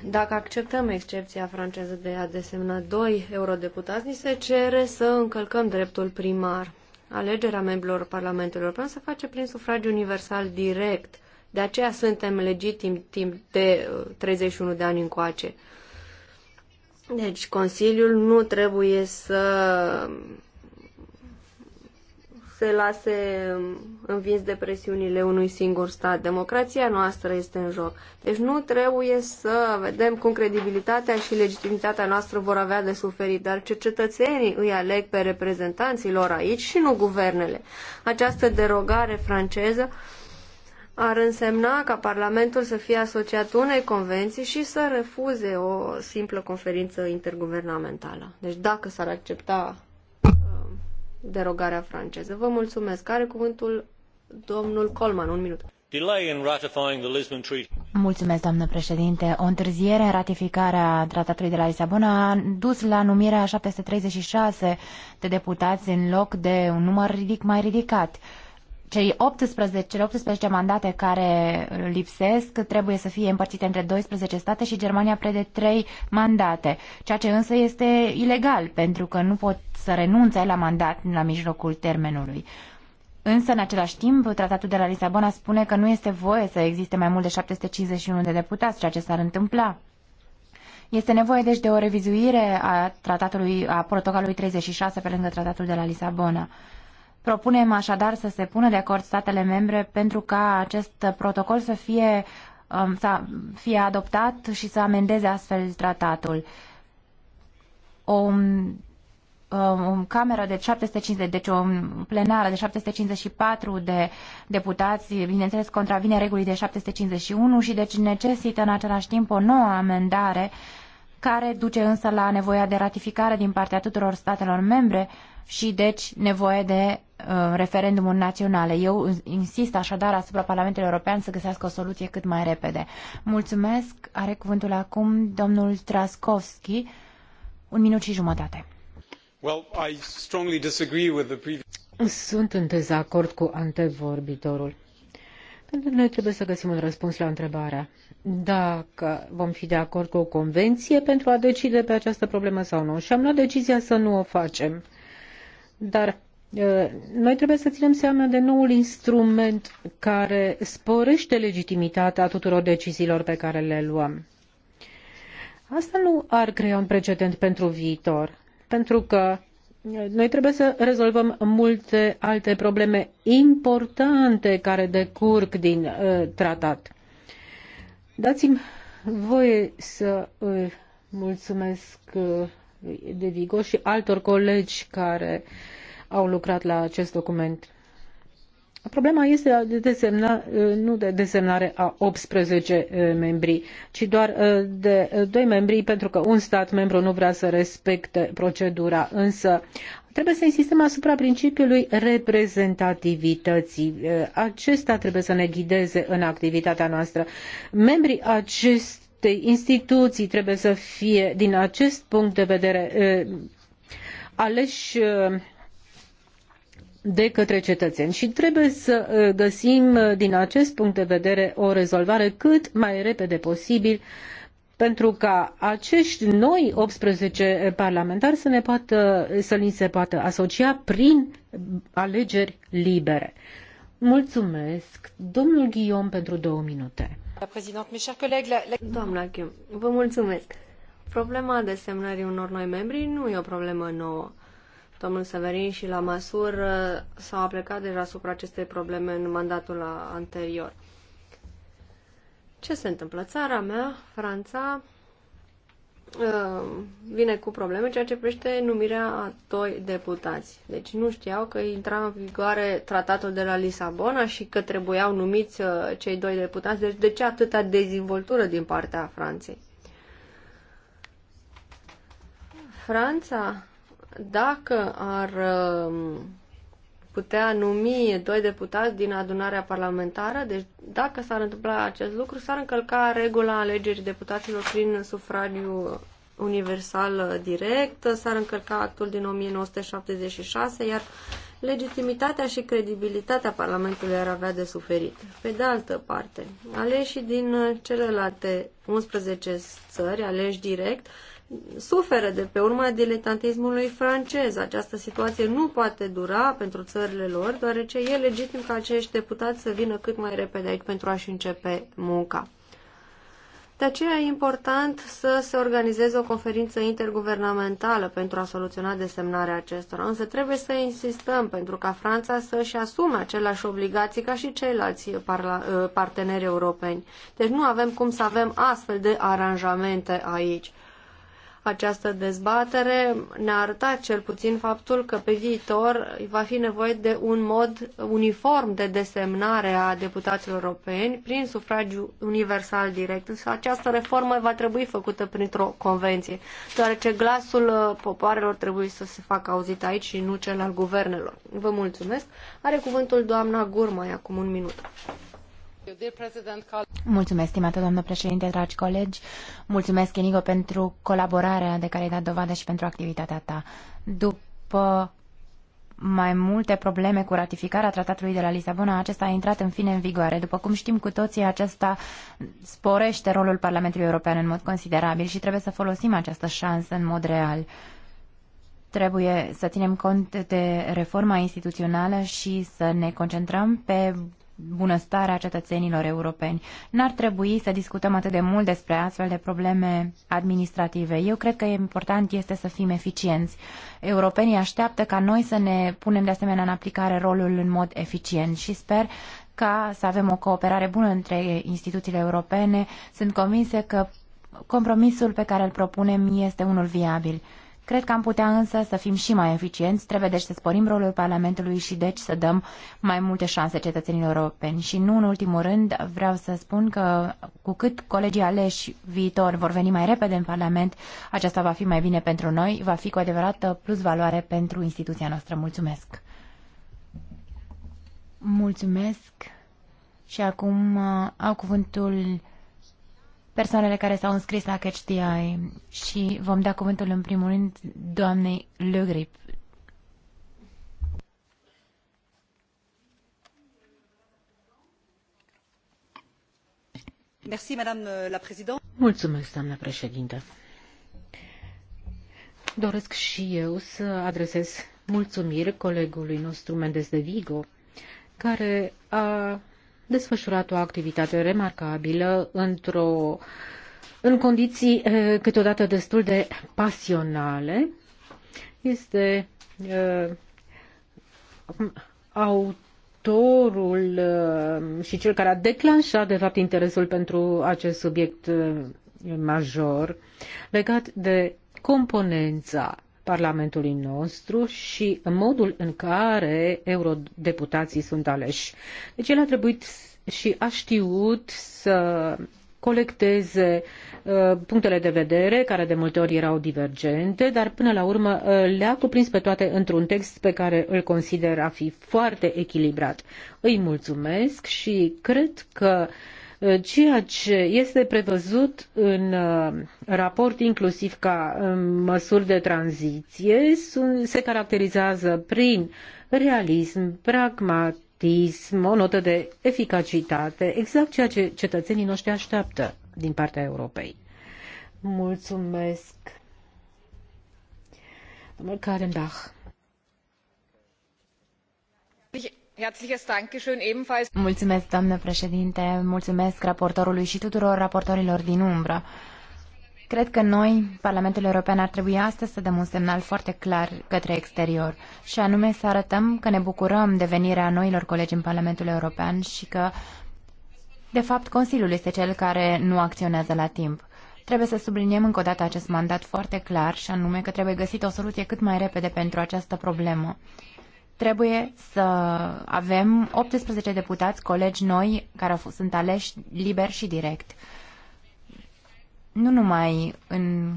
Dacă acceptăm excepția franceză de a desemna doi eurodeputați, ni se cere să încălcăm dreptul primar. Alegerea membrilor Parlamentului European se face prin sufragiu universal direct. De aceea suntem legitim timp de 31 uh, de ani încoace. Deci Consiliul nu trebuie să se lase învins de presiunile unui singur stat. Democrația noastră este în joc. Deci nu trebuie să vedem cum credibilitatea și legitimitatea noastră vor avea de suferit, dar ce cetățenii îi aleg pe reprezentanții lor aici și nu guvernele. Această derogare franceză ar însemna ca Parlamentul să fie asociat unei convenții și să refuze o simplă conferință interguvernamentală. Deci dacă s-ar accepta derogarea franceză. Vă mulțumesc. Are cuvântul domnul Colman. Un minut. Lisbon Treaty. Mulțumesc, doamnă președinte. O întârziere în ratificarea tratatului de la Lisabona a dus la numirea a 736 de deputați în loc de un număr ridic mai ridicat. Cei 18, cele 18 mandate care lipsesc trebuie să fie împărțite între 12 state și Germania prede 3 mandate, ceea ce însă este ilegal pentru că nu pot să renunțe la mandat la mijlocul termenului. Însă, în același timp, tratatul de la Lisabona spune că nu este voie să existe mai mult de 751 de deputați, ceea ce s-ar întâmpla. Este nevoie, deci, de o revizuire a, tratatului, a protocolului 36 pe lângă tratatul de la Lisabona. Propunem așadar să se pună de acord statele membre pentru ca acest protocol să fie, um, să fie adoptat și să amendeze astfel tratatul. O Um, o cameră de 750, deci o plenară de 754 de deputați, bineînțeles, contravine regulii de 751 și deci necesită în același timp o nouă amendare care duce însă la nevoia de ratificare din partea tuturor statelor membre și deci nevoie de uh, referendumuri naționale. Eu insist așadar asupra Parlamentului European să găsească o soluție cât mai repede. Mulțumesc. Are cuvântul acum domnul Traskovski. Un minut și jumătate. Sunt în dezacord cu antevorbitorul. Pentru noi trebuie să găsim un răspuns la întrebarea dacă vom fi de acord cu o convenție pentru a decide pe această problemă sau nu. Și am luat decizia să nu o facem. Dar uh, noi trebuie să ținem seama de noul instrument care sporește legitimitatea tuturor deciziilor pe care le luăm. Asta nu ar crea un precedent pentru viitor pentru că uh, noi trebuie să rezolvăm multe alte probleme importante care decurg din uh, tratat. Dați-mi voie să îi mulțumesc uh, De Vigo și altor colegi care au lucrat la acest document. Problema este de desemna, nu de desemnare a 18 eh, membri, ci doar eh, de doi membri, pentru că un stat membru nu vrea să respecte procedura. Însă trebuie să insistăm asupra principiului reprezentativității. Eh, acesta trebuie să ne ghideze în activitatea noastră. Membrii acestei instituții trebuie să fie, din acest punct de vedere, aleși de către cetățeni și trebuie să uh, găsim uh, din acest punct de vedere o rezolvare cât mai repede posibil pentru ca acești noi 18 uh, parlamentari să, ne poată, să li se poată asocia prin alegeri libere. Mulțumesc. Domnul Ghiom pentru două minute. Doamna Ghiom, vă mulțumesc. Problema desemnării unor noi membri nu e o problemă nouă domnul Severin și la Masur uh, s-au aplicat deja asupra acestei probleme în mandatul anterior. Ce se întâmplă? Țara mea, Franța, uh, vine cu probleme ceea ce privește numirea a doi deputați. Deci nu știau că intra în vigoare tratatul de la Lisabona și că trebuiau numiți uh, cei doi deputați. Deci de ce atâta dezvoltură din partea Franței? Franța dacă ar um, putea numi doi deputați din adunarea parlamentară, deci dacă s-ar întâmpla acest lucru, s-ar încălca regula alegerii deputaților prin sufragiu universal direct, s-ar încălca actul din 1976, iar legitimitatea și credibilitatea Parlamentului ar avea de suferit. Pe de altă parte, aleșii din celelalte 11 țări, aleși direct, uh, suferă de pe urma diletantismului francez. Această situație nu poate dura pentru țările lor, deoarece e legitim ca acești deputați să vină cât mai repede aici pentru a-și începe munca. De aceea e important să se organizeze o conferință interguvernamentală pentru a soluționa desemnarea acestora, însă trebuie să insistăm pentru ca Franța să-și asume aceleași obligații ca și ceilalți eh, eh, parteneri europeni. Deci nu avem cum să avem astfel de aranjamente aici. Această dezbatere ne-a arătat cel puțin faptul că pe viitor va fi nevoie de un mod uniform de desemnare a deputaților europeni prin sufragiu universal direct. Însă această reformă va trebui făcută printr-o convenție, deoarece glasul uh, popoarelor trebuie să se facă auzit aici și nu cel al guvernelor. Vă mulțumesc. Are cuvântul doamna Gurmai acum un minut. Mulțumesc, stimată doamnă președinte, dragi colegi. Mulțumesc, Enigo, pentru colaborarea de care ai dat dovadă și pentru activitatea ta. După mai multe probleme cu ratificarea tratatului de la Lisabona, acesta a intrat în fine în vigoare. După cum știm cu toții, acesta sporește rolul Parlamentului European în mod considerabil și trebuie să folosim această șansă în mod real. Trebuie să ținem cont de reforma instituțională și să ne concentrăm pe bunăstarea cetățenilor europeni. N-ar trebui să discutăm atât de mult despre astfel de probleme administrative. Eu cred că important este să fim eficienți. Europenii așteaptă ca noi să ne punem de asemenea în aplicare rolul în mod eficient și sper ca să avem o cooperare bună între instituțiile europene. Sunt convinsă că compromisul pe care îl propunem este unul viabil. Cred că am putea însă să fim și mai eficienți, trebuie deci să sporim rolul Parlamentului și deci să dăm mai multe șanse cetățenilor europeni. Și nu în ultimul rând vreau să spun că cu cât colegii aleși viitor vor veni mai repede în Parlament, aceasta va fi mai bine pentru noi, va fi cu adevărat plus valoare pentru instituția noastră. Mulțumesc! Mulțumesc! Și acum uh, au cuvântul persoanele care s-au înscris la Catch the Eye și vom da cuvântul în primul rând doamnei Le Grip. Merci, Madame la Présidente. Mulțumesc, doamna președinte. Doresc și eu să adresez mulțumiri colegului nostru Mendes de Vigo, care a desfășurat o activitate remarcabilă într-o în condiții câteodată destul de pasionale. Este uh, autorul uh, și cel care a declanșat, de fapt, interesul pentru acest subiect uh, major legat de componența Parlamentului nostru și modul în care eurodeputații sunt aleși. Deci el a trebuit și a știut să colecteze uh, punctele de vedere, care de multe ori erau divergente, dar până la urmă uh, le-a cuprins pe toate într-un text pe care îl consider a fi foarte echilibrat. Îi mulțumesc și cred că uh, Uh, ceea ce este prevăzut în uh, raport inclusiv ca um, măsuri de tranziție se caracterizează prin realism, pragmatism, o notă de eficacitate, exact ceea ce cetățenii noștri așteaptă din partea Europei. Mulțumesc. Domnul Karenbach. Mulțumesc, doamnă președinte, mulțumesc raportorului și tuturor raportorilor din umbră. Cred că noi, Parlamentul European, ar trebui astăzi să dăm un semnal foarte clar către exterior și anume să arătăm că ne bucurăm de venirea noilor colegi în Parlamentul European și că, de fapt, Consiliul este cel care nu acționează la timp. Trebuie să subliniem încă o dată acest mandat foarte clar și anume că trebuie găsit o soluție cât mai repede pentru această problemă trebuie să avem 18 deputați, colegi noi, care au, sunt aleși liber și direct. Nu numai în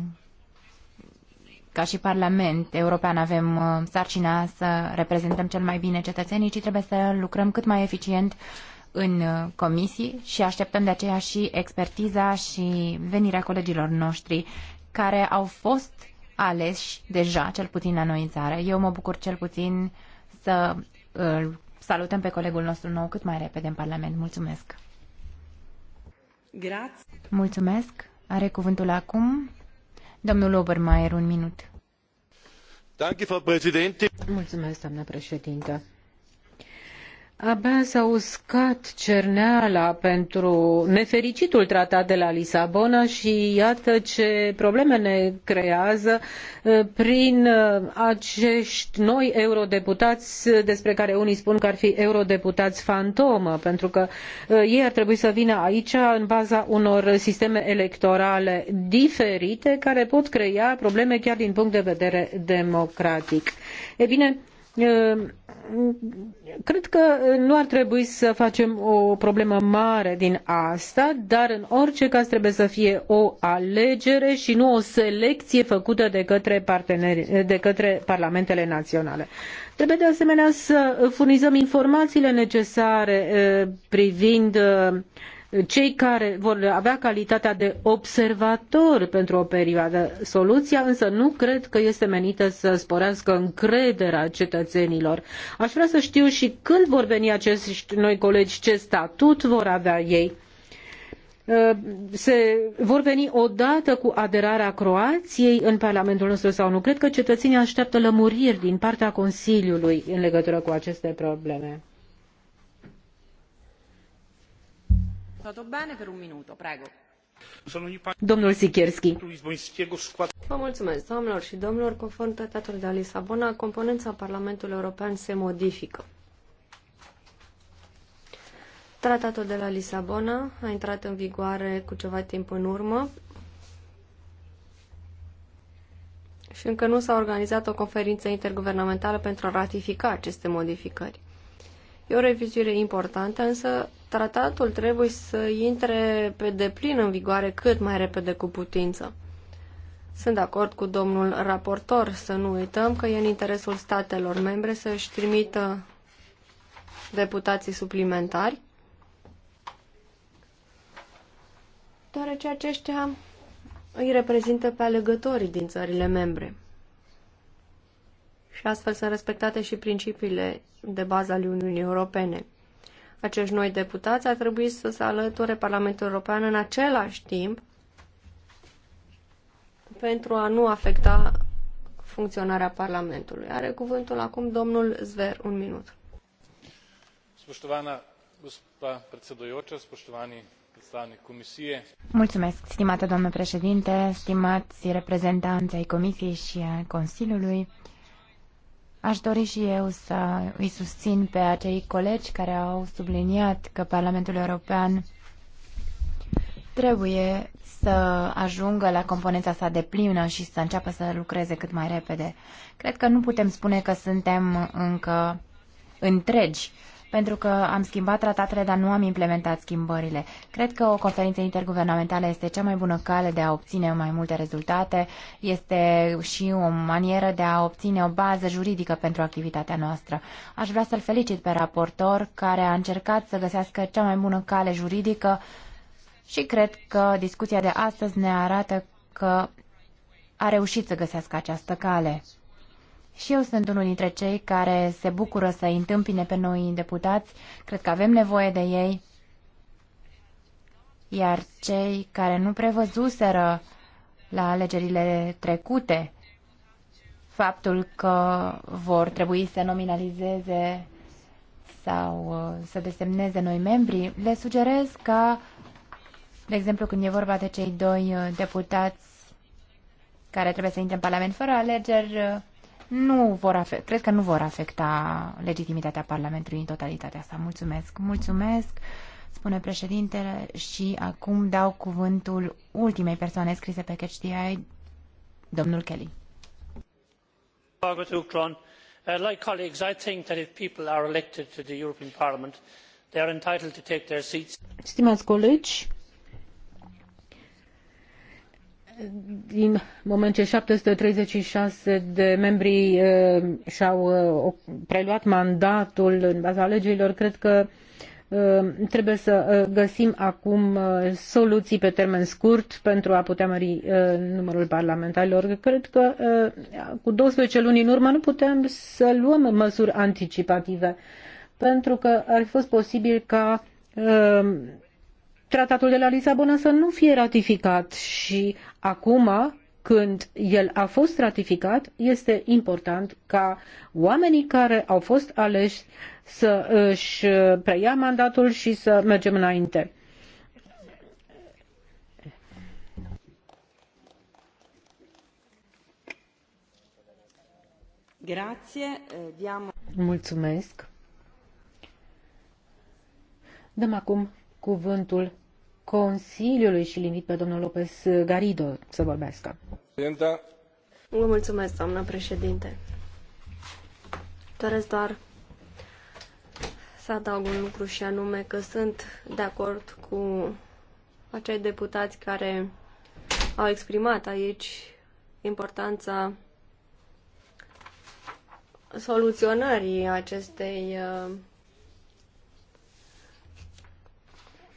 ca și Parlament European avem uh, sarcina să reprezentăm cel mai bine cetățenii, ci trebuie să lucrăm cât mai eficient în uh, comisii și așteptăm de aceea și expertiza și venirea colegilor noștri care au fost aleși deja, cel puțin la noi în țară. Eu mă bucur cel puțin uh, să îl salutăm pe colegul nostru nou cât mai repede în Parlament. Mulțumesc! Grazie. Mulțumesc! Are cuvântul acum domnul Obermaier, un minut. Mulțumesc, doamnă președintă Abia s-a uscat cerneala pentru nefericitul tratat de la Lisabona și iată ce probleme ne creează uh, prin uh, acești noi eurodeputați uh, despre care unii spun că ar fi eurodeputați fantomă, pentru că ei ar trebui să vină aici în baza unor sisteme electorale diferite care pot crea probleme chiar din punct de vedere democratic. E bine, Ehm, cred că nu ar trebui să facem o problemă mare din asta, dar în orice caz trebuie să fie o alegere și nu o selecție făcută de către, de către parlamentele naționale. Trebuie de asemenea să furnizăm informațiile necesare ehm, privind ehm, cei care vor avea calitatea de observatori pentru o perioadă. Soluția însă nu cred că este menită să sporească încrederea cetățenilor. Aș vrea să știu și când vor veni acești noi colegi, ce statut vor avea ei uh, se vor veni odată cu aderarea Croației în Parlamentul nostru sau nu. Cred că cetățenii așteaptă lămuriri din partea Consiliului în legătură cu aceste probleme. mulțumesc, și domnilor. Conform Tratatului de la Lisabona, componena Parlamentului European se modifică. Tratatul de la Lisabona a intrat în vigoare cu ceva timp în urmă și încă nu s-a organizat o conferință interguvernamentală pentru a ratifica aceste modificări. E o revizuire importantă, însă tratatul trebuie să intre pe deplin în vigoare cât mai repede cu putință. Sunt de acord cu domnul raportor să nu uităm că e în interesul statelor membre să își trimită deputații suplimentari, deoarece aceștia îi reprezintă pe alegătorii din țările membre. Și astfel sunt respectate și principiile de bază ale Uniunii Europene – acești noi deputați ar trebui să se alăture Parlamentul European în același timp pentru a nu afecta funcționarea Parlamentului. Are cuvântul acum domnul Zver, un minut. Comisie. Mulțumesc, stimată doamnă președinte, stimați reprezentanți ai Comisiei și a Consiliului. Aș dori și eu să îi susțin pe acei colegi care au subliniat că Parlamentul European trebuie să ajungă la componența sa de plină și să înceapă să lucreze cât mai repede. Cred că nu putem spune că suntem încă întregi pentru că am schimbat tratatele, dar nu am implementat schimbările. Cred că o conferință interguvernamentală este cea mai bună cale de a obține mai multe rezultate, este și o manieră de a obține o bază juridică pentru activitatea noastră. Aș vrea să-l felicit pe raportor care a încercat să găsească cea mai bună cale juridică și cred că discuția de astăzi ne arată că a reușit să găsească această cale. Și eu sunt unul dintre cei care se bucură să îi întâmpine pe noi deputați. Cred că avem nevoie de ei. Iar cei care nu prevăzuseră la alegerile trecute faptul că vor trebui să nominalizeze sau uh, să desemneze noi membri, le sugerez ca, de exemplu, când e vorba de cei doi uh, deputați care trebuie să intre în Parlament fără alegeri, uh, nu vor afecta, cred că nu vor afecta legitimitatea Parlamentului în totalitatea Asta Mulțumesc. Mulțumesc, spune președintele și acum dau cuvântul ultimei persoane scrise pe CHDI, domnul Kelly. Like colleagues, I think that if people are elected to the European Parliament, they are entitled to take their seats. Stimați colegi, din moment ce 736 de membri uh, și-au uh, preluat mandatul în baza alegerilor, cred că uh, trebuie să găsim acum soluții pe termen scurt pentru a putea mări numărul parlamentarilor. Cred că cu 12 luni în urmă nu putem să luăm măsuri anticipative, pentru că ar fi fost posibil ca tratatul de la Lisabona să nu fie ratificat și acum când el a fost ratificat, este important ca oamenii care au fost aleși să își preia mandatul și să mergem înainte. Grazie, diamo... Mulțumesc. Dăm acum cuvântul Consiliului și invit pe domnul Lopez Garido să vorbească. Vă mulțumesc, doamnă președinte. Doresc doar să adaug un lucru și anume că sunt de acord cu acei deputați care au exprimat aici importanța soluționării acestei uh,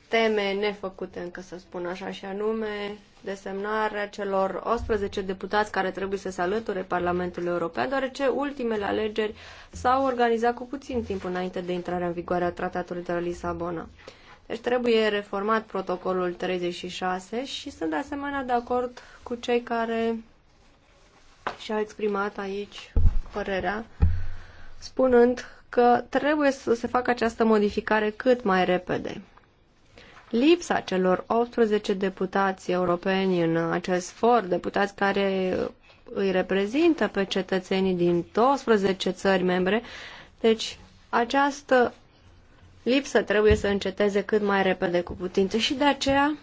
teme nefăcute încă, să spun așa, și anume desemnarea celor 11 deputați care trebuie să se alăture Parlamentului European, deoarece ultimele alegeri s-au organizat cu puțin timp înainte de intrarea în vigoare a Tratatului de la Lisabona. Deci trebuie reformat protocolul 36 și sunt de asemenea de acord cu cei care și-au exprimat aici părerea, spunând că trebuie să se facă această modificare cât mai repede lipsa celor 18 deputați europeni în acest for, deputați care îi reprezintă pe cetățenii din 12 țări membre. Deci această lipsă trebuie să înceteze cât mai repede cu putință și de aceea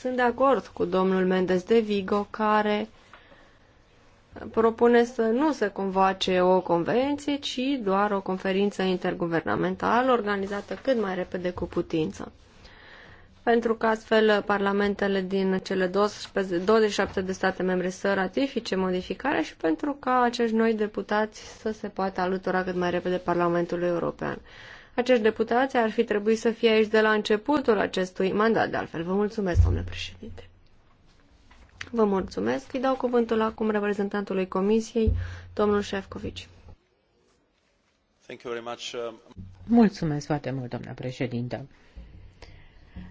sunt de acord cu domnul Mendes de Vigo care propune să nu se convoace o convenție, ci doar o conferință interguvernamentală organizată cât mai repede cu putință pentru că astfel parlamentele din cele 12, 27 de state membre să ratifice modificarea și pentru ca acești noi deputați să se poată alătura cât mai repede Parlamentului European. Acești deputați ar fi trebuit să fie aici de la începutul acestui mandat, de altfel. Vă mulțumesc, domnule președinte. Vă mulțumesc. Îi dau cuvântul acum reprezentantului Comisiei, domnul Șefcovici. Uh, mulțumesc foarte mult, doamna președintă.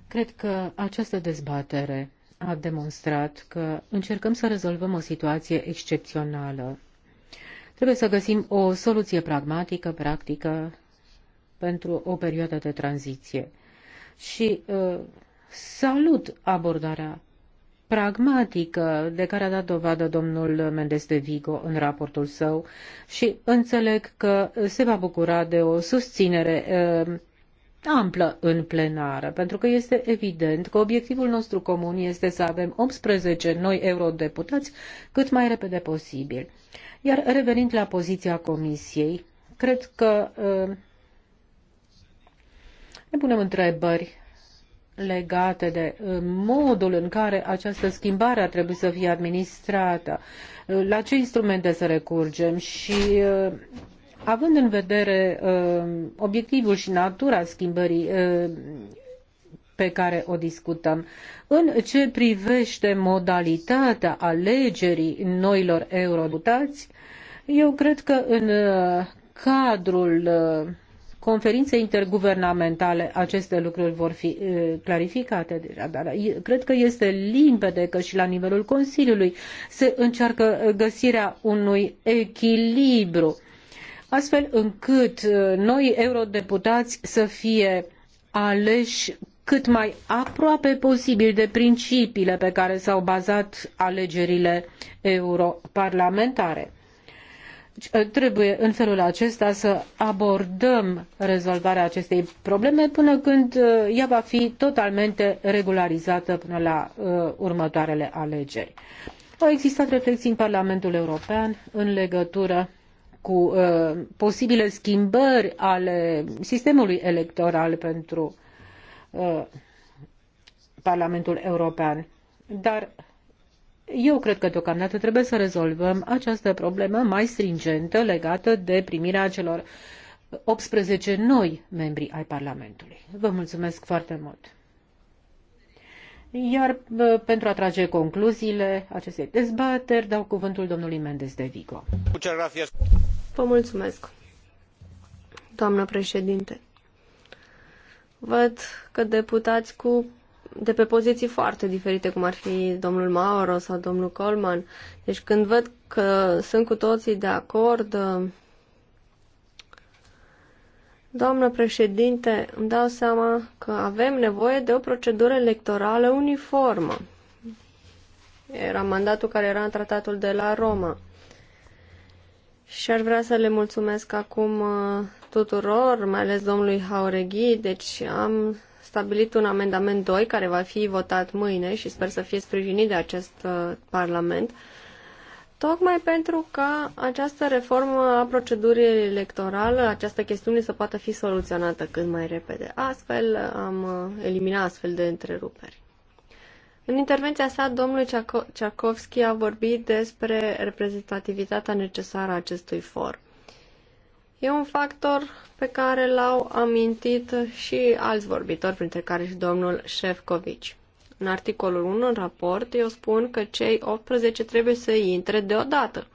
Cred că această dezbatere a demonstrat că încercăm să rezolvăm o situație excepțională. Trebuie să găsim o soluție pragmatică, practică, pentru o perioadă de tranziție. Și uh, salut abordarea pragmatică de care a dat dovadă domnul Mendes de Vigo în raportul său și înțeleg că se va bucura de o susținere uh, amplă în plenară, pentru că este evident că obiectivul nostru comun este să avem 18 noi eurodeputați cât mai repede posibil. Iar revenind la poziția Comisiei, cred că uh, ne punem întrebări legate de uh, modul în care această schimbare ar trebui să fie administrată, uh, la ce instrumente să recurgem și Având în vedere uh, obiectivul și natura schimbării uh, pe care o discutăm. În ce privește modalitatea alegerii noilor eurodutați, eu cred că în uh, cadrul conferinței interguvernamentale aceste lucruri vor fi clarificate deja, dar cred că este limpede că și la nivelul Consiliului se încearcă găsirea unui echilibru astfel încât uh, noi eurodeputați să fie aleși cât mai aproape posibil de principiile pe care s-au bazat alegerile europarlamentare. Deci, uh, trebuie în felul acesta să abordăm rezolvarea acestei probleme până când uh, ea va fi totalmente regularizată până la următoarele alegeri. Au existat reflexii în Parlamentul European în legătură cu uh, posibile schimbări ale sistemului electoral pentru uh, Parlamentul European. Dar eu cred că deocamdată trebuie să rezolvăm această problemă mai stringentă legată de primirea celor 18 noi membri ai Parlamentului. Vă mulțumesc foarte mult! Iar uh, pentru a trage concluziile acestei dezbateri, dau cuvântul domnului Mendes de Vigo. Vă mulțumesc, doamnă președinte. Văd că deputați cu de pe poziții foarte diferite, cum ar fi domnul Mauro sau domnul Colman. Deci când văd că sunt cu toții de acord, doamnă președinte, îmi dau seama că avem nevoie de o procedură electorală uniformă. Era mandatul care era în tratatul de la Roma. Și ar vrea să le mulțumesc acum uh, tuturor, mai ales domnului Haureghi. Deci am stabilit un amendament 2 care va fi votat mâine și sper să fie sprijinit de acest uh, Parlament. Tocmai pentru că această reformă a procedurii electorale, această chestiune să poată fi soluționată cât mai repede. Astfel am uh, eliminat astfel de întreruperi. În intervenția sa, domnul Ceacovski a vorbit despre reprezentativitatea necesară a acestui for. E un factor pe care l-au amintit și alți vorbitori, printre care și domnul Șefcovici. În articolul 1, în raport, eu spun că cei 18 trebuie să intre deodată.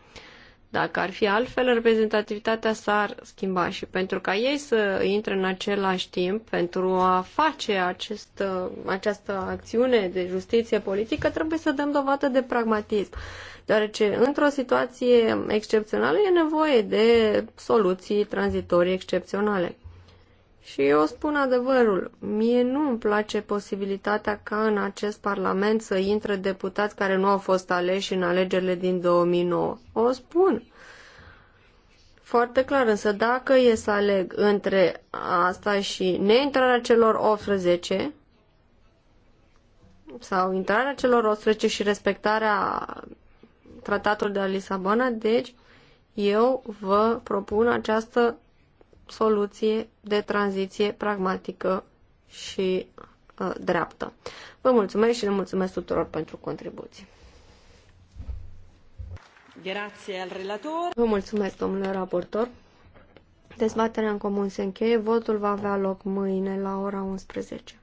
Dacă ar fi altfel, reprezentativitatea s-ar schimba și pentru ca ei să intre în același timp, pentru a face acest, această acțiune de justiție politică, trebuie să dăm dovadă de pragmatism. Deoarece, într-o situație excepțională, e nevoie de soluții tranzitorii excepționale. Și eu spun adevărul, mie nu îmi place posibilitatea ca în acest parlament să intre deputați care nu au fost aleși în alegerile din 2009. O spun. Foarte clar, însă dacă e să aleg între asta și neintrarea celor 18 sau intrarea celor 18 și respectarea tratatului de la Lisabona, deci eu vă propun această soluție de tranziție pragmatică și uh, dreaptă. Vă mulțumesc și le mulțumesc tuturor pentru contribuții. Grazie al relator. Vă mulțumesc, domnule raportor. Dezbaterea în comun se încheie. Votul va avea loc mâine la ora 11.